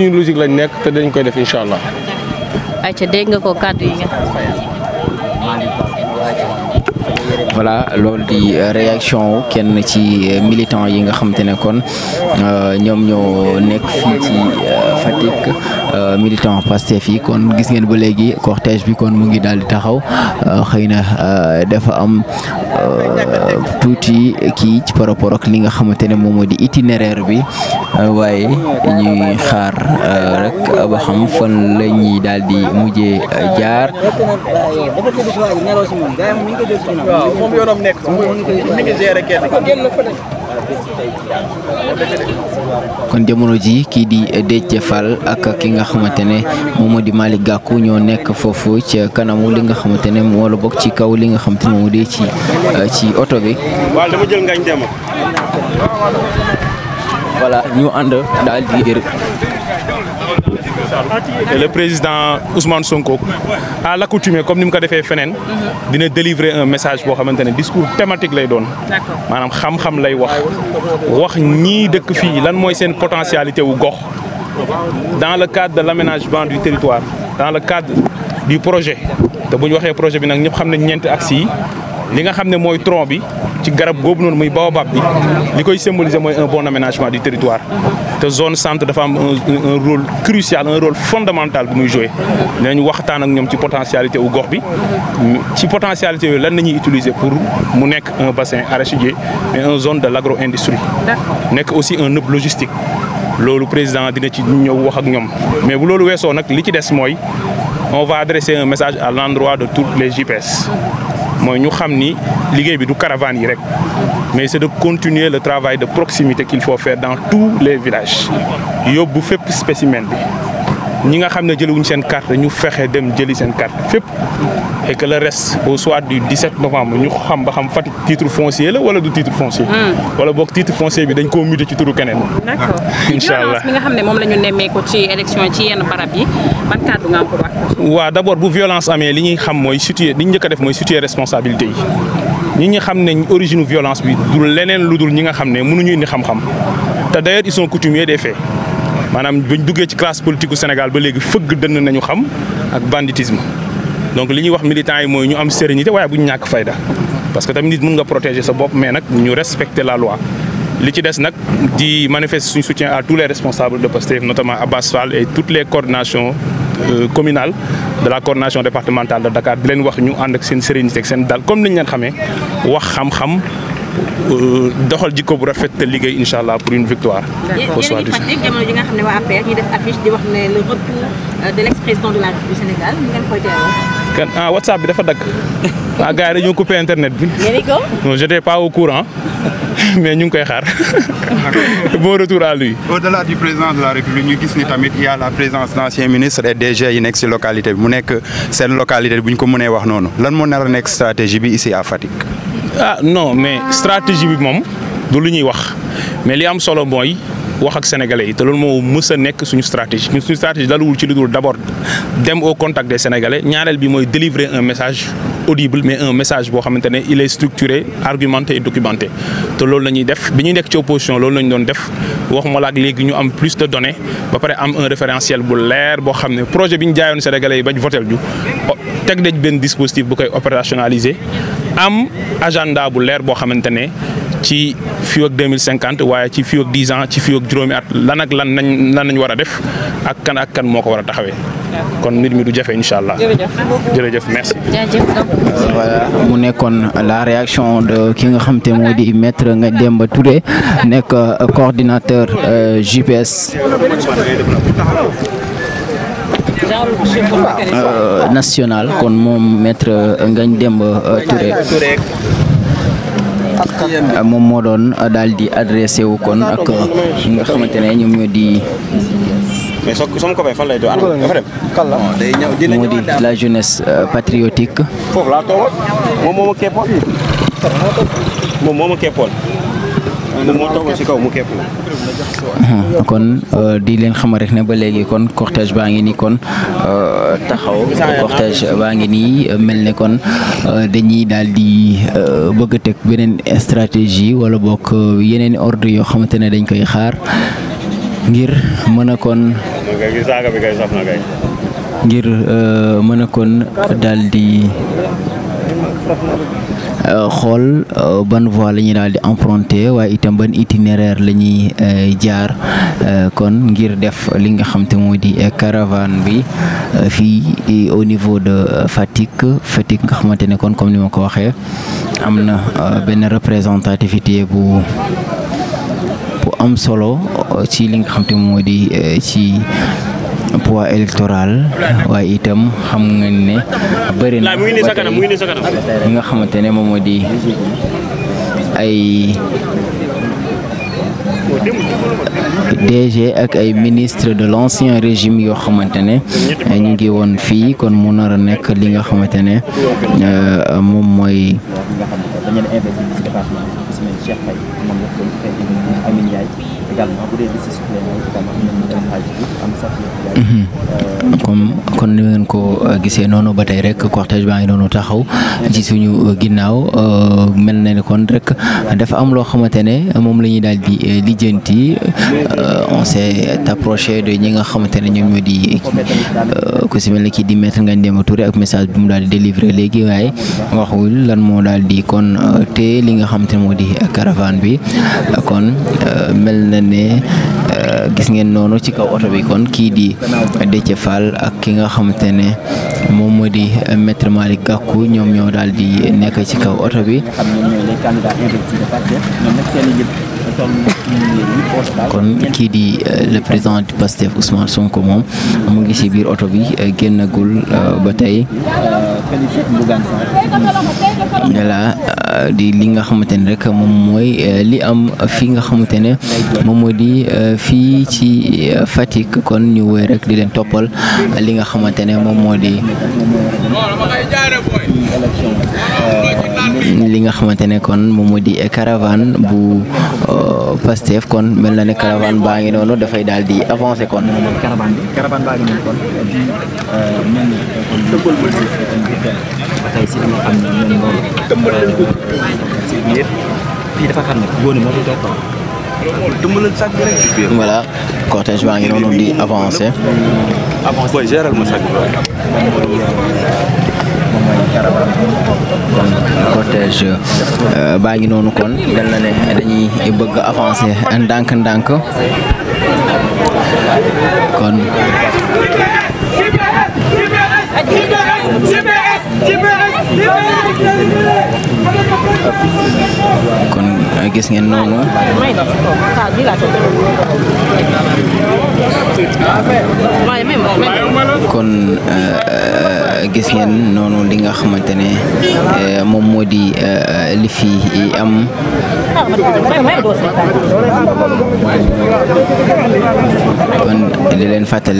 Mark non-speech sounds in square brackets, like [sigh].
ñu logique lañ nekk dañ koy def incha allah. dégg nga ko kàddu voilà loolu di euh, réaction kenn ci euh, militant yi nga xam ne kon euh, ñoom ñoo nekk fii ci. Fatick euh, militant Pastef fii kon gis ngeen ba léegi cortège bi kon mu ngi daal di taxaw euh, xëy na euh, dafa am tuuti kii ci par rapport ak li nga xamante ne moom moo di itinéraire bi waaye ñuy xaar rek ba fan la ñuy daal di mujje jaar. kon jamono ji kii di Déthié Fall ak ki nga xamante ne moo di mali Gakou ñoo nekk foofu ci kanamu li nga xamante ne moo la bokk ci kaw li nga xamante ne moo di ci euh, oto bi. waaw dama jël ngañ dem voilà ñu ànd daal di et le président Ousmane Sonko à l'accoutumée comme ni mu ko defee feneen dina délivrer un message boo xamante ne discours thématique lay doon maanaam xam-xam lay wax wax ñii dëkk fii lan mooy seen potentialité wu gox dans le cadre de l'aménagement du territoire dans le cadre du projet te bu ñu waxee projet bi nag ñëpp xam nañ ñeent axes yi li nga xam ne mooy tronc bi ci garab goobu noonu muy baobab bi li koy symboliser mooy un bon aménagement du territoire te zone centre dafa am un rôle crucial un rôle fondamental bu muy jouer dinañ waxtaan ak ñoom ci potentialité wu gox bi ci potentialité yooyu lan la ñuy utiliser pour mu nekk un bassin arachidier mais une zone de l' agro industrie nekk aussi un hub logistique loolu président dina ci ñëw wax ak ñoom mais bu loolu weesoo nag li ci des mooy on va adresser un message à l'endroit de toutes les JPS mooy ñu xam ni liggéey bi du caravane yi rek mais c'est de continuer le travail de proximité qu'il faut faire dans tous les villages yóbbu fépp spécimen bi ñi nga xam ne jëliwuñ seen carte ñu fexe dem jëli seen carte fépp et que le reste au soir du 17 novembre ñu xam ba xam Fatick titre foncier la wala du titre foncier. Hmm. wala boog titre foncier bi dañ koo muté ci turu keneen. d'accord [laughs] incha allah bi nga xam ne moom la nemmee ko ci élection ci yenn barab yi ban kàddu nga am pour wax. waaw d'abord bu violence amee li ñuy xam mooy situer li ñu njëkk def mooy situer responsabilité yi. ñi ñu xam ne origine violence bi du leneen lu dul ñi nga xam ne mënuñu indi xam-xam te d'ailleurs ils maanaam buñ duggee ci classe politique u Sénégal ba léegi fëgg dënn nañu xam ak banditisme donc li ñuy wax militants yi mooy ñu am sérénité waaye bu ñu ñàkk fayda parce que tamit nit mun nga protéger sa bopp mais nag ñu respecter la loi li ci des nag di manifester suñu soutien à tous les responsables de Pastef notamment Abbas Fall et toutes les coordinations euh, communales de la coordination départementale de Dakar di leen wax ñu ànd ak seen sérénité ak seen dal comme ni ñu leen wax xam doxal jikko bu rafet te liggéey incha allah pour une victoire. au soir euh, de l'ex-président de la République du ah, WhatsApp bi dafa dagg [laughs] ah gars yi dañoo coupé internet bi. ngeen ko. non pas au courant [laughs] mais ñu ngi koy xaar. [laughs] bon retour à lui. la République ñu gis ni tamit il y a la présence d'anciens ministres et DG yi nekk ci localité bi mu nekk seen localité bi bu ñu ko mënee wax noonu lan moo nar a nekk stratégie bi ici à Fatick. ah non mais stratégie bi moom lu ñuy wax mais li am solo mooy wax ak sénégalais yi te loolu moo mës a nekk suñu stratégie ñun suñu stratégie daluwul ci lu dul d' abord dem au contact des sénégalais ñaareel bi mooy délivrer un message audible mais un message boo xamante ne il est structuré argumenté et documenté te loolu la ñuy def bi ñuy nekk ci opposition loolu la ñu doon def waxuma la ak léegi ñu am plus de données ba pare am un référentiel bu leer boo xam ne projet bi ñu jaayoon sénégalais yi bañ votel ju nañ benn dispositif bu koy opérationnaliser am agenda bu leer boo xamante ne ci fii ak 2050 waaye ci fii ak 10 ans ci fii juróomi at lan lan lañ lan nañ war a def ak kan ak kan moo ko war a taxawee. kon mbir mi du jafe incha allah. jërëjëf merci. mu nekkoon la réaction de ki nga xam te moo di maître nga Demba Touré nekk euh, coordinateur GPS. Euh, Euh, national kon moom maître euh, ngañ demb euh, Touré moom moo doon daal di adressé wu kon ak nga xamante ne ñoom ñoo di. mais soo la jeunesse patriotique. moom hmm. moo kon euh, di leen xamal rek na ba léegi kon cortège baa ngi nii kon euh, taxaw cortège baa ngi nii euh, mel ne kon dañuy daal di bëgg a teg beneen stratégie wala bokk yeneen ordre yoo xamante ne dañ koy xaar ngir mën a kon ngir mën a kon daal di. Euh, xool euh, ban voie la ñuy daal di emprunter waaye itam ban itinéraire la ñuy euh, jaar kon ngir def li nga xam moo di caravane bi fii au niveau de Fatick Fatick nga xamante ne kon comme ni ma ko waxee am na benn représentativité bu. bu am solo ci li nga xam moo di ci poids électoral waaye itam xam nga ne bëri na li nga xamante ne moom moo di ay DG ak ay ministre de l'ancien régime yoo xamante ne ñu ngi woon fii kon mu nar nekk li nga xamante ne euh, moom mooy. également bu mhm. euh, comme kon ni ngeen ko euh, gisee noonu ba tey rek cortège baa ngi noonu taxaw ci suñu euh, ginnaaw mel na ne kon rek dafa am loo xamante ne moom la ñuy daal di yi on s'est approché de ñi nga xamante ne ñoom ñoo di ko si mel ne kii di maître Ngagne Demba Touré ak message bi mu daal di délivré léegi waaye waxul lan moo daal di kon te li nga xamante moo di caravane bi kon mel na ne euh, gis ngeen noonu ci kaw oto bi kon kii di Déthié Fall ak ki nga xamante ne moom moo di euh, maître Malick Gakou ñoom ñoo daal di nekk ci kaw oto bi. kon kii di euh, le président du PASTEF Ousmane Sonko moom mu ngi ci biir oto bi euh, génnagul euh, ba tey voilà di li nga xamante ne rek moom mooy li am fii nga xamante ne moom moo di fii ci Fatick kon ñu wéy rek di leen toppal li nga xamante ne moom moo di. Euh, li nga xamante ne kon moom moo di caravane bu euh, Pastef kon mel na ne caravane baa ngi noonu dafay daal di avancer kon. avancé booy géral ma cortège euh, baa ngi noonu kon mel na ne dañuy bëgg avancer ndànk-ndànk kon kon gis ngeen noonu kon euh, gis ngeen noonu li nga xamante ne euh, moom moo di euh, li fi am di leen fàttali